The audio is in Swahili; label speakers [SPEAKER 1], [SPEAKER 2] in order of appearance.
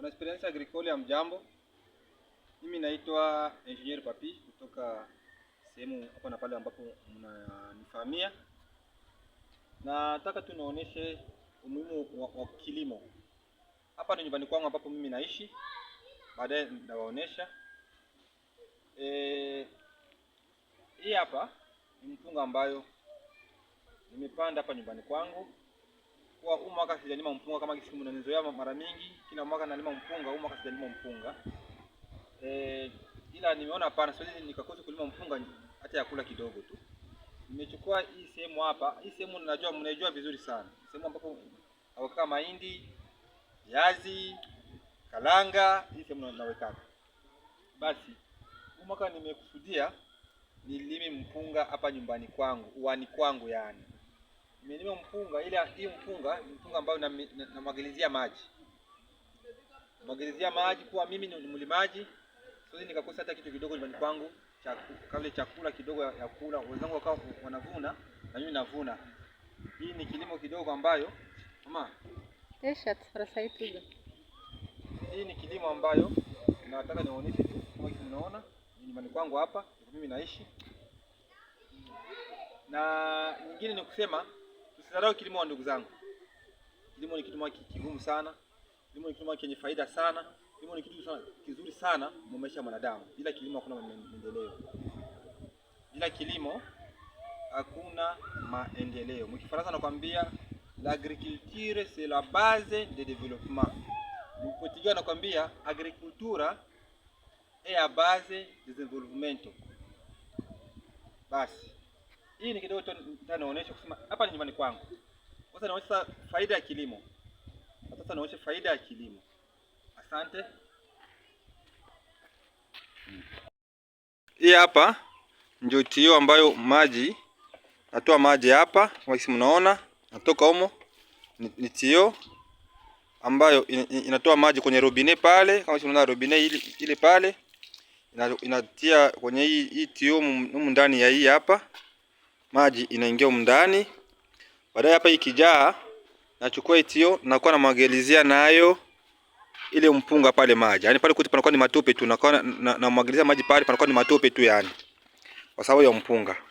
[SPEAKER 1] Wana experience Agricole, mjambo Mimi naitwa Engineer Papi kutoka sehemu hapa na pale ambapo mnanifahamia. Nataka naoneshe umuhimu wa, wa kilimo. Hapa ni nyumbani kwangu ambapo mimi naishi, baadaye nitawaonesha. Eh, hii hapa ni mpunga ambayo nimepanda hapa nyumbani kwangu kwa huu mwaka sijalima mpunga kama kisimu nanizoea mara mingi, kila mwaka nalima mpunga, huu mwaka sijalima mpunga eh, ila nimeona hapana, siwezi nikakosa kulima mpunga hata ya kula kidogo tu. Nimechukua hii sehemu hapa, hii sehemu najua mnaijua vizuri sana, sehemu ambapo naweka mahindi, viazi, kalanga, hii sehemu naweka. Basi huu mwaka nimekusudia nilime mpunga hapa nyumbani kwangu, uani kwangu yani nimelima mpunga, ile hii mpunga ni mpunga ambayo namwagilizia na, na maji mwagilizia maji kuwa mimi ni mlimaji, siwezi nikakosa hata kitu kidogo nyumbani kwangu kale chakula kidogo ya kula, wenzangu wakawa wanavuna na mimi navuna. Hii ni kilimo kidogo ambayo mama, hii ni kilimo ambayo nataka nionyeshe tu, kama mnaona nyumbani kwangu hapa mimi naishi, na nyingine ni kusema Tusidharau kilimo, ndugu zangu. Kilimo ni kitu kigumu sana, kilimo ni kitu chenye faida sana, kilimo ni kitu sana, kizuri sana kwa maisha ya mwanadamu. Bila kilimo hakuna maendeleo, bila kilimo hakuna maendeleo. Mkifaransa nakwambia l'agriculture c'est la base de développement. mpotigia nakwambia agriculture e la base de développement. Basi hii ni kidogo naonyesha kusema hapa ni nyumbani kwangu. Sasa naonyesha faida ya kilimo. Sasa naonyesha faida ya kilimo. Asante. Hii hapa ndio hiyo ambayo maji natoa maji hapa, kama kisi mnaona natoka humo ni tio ambayo inatoa maji kwenye robine pale, kama mnaona robine ile ile pale inatia kwenye hii hii tio humu ndani ya hii hapa maji inaingia humu ndani. Baadaye hapa ikijaa, nachukua itio nakuwa namwagelizia nayo ile mpunga pale maji, yaani pale kuti panakuwa ni matope tu, nakuwa namwagelizia na, na maji pale panakuwa ni matope tu, yani kwa sababu ya mpunga.